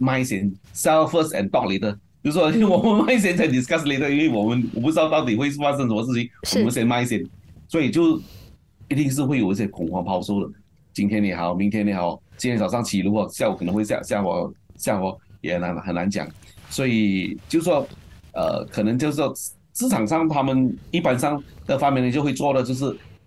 賣先，sell first and talk later。就是說，我們賣先再 discuss later，因為我們我不知道到底會發生什麼事情，我們先賣先。是所以就一定是會有一些恐慌拋售的。今天你好，明天你好，今天早上起如果下午可能會下，下午下午也很難，很難講。所以就是說呃，可能就是說市場上他們一般上的方面呢就會做的就是。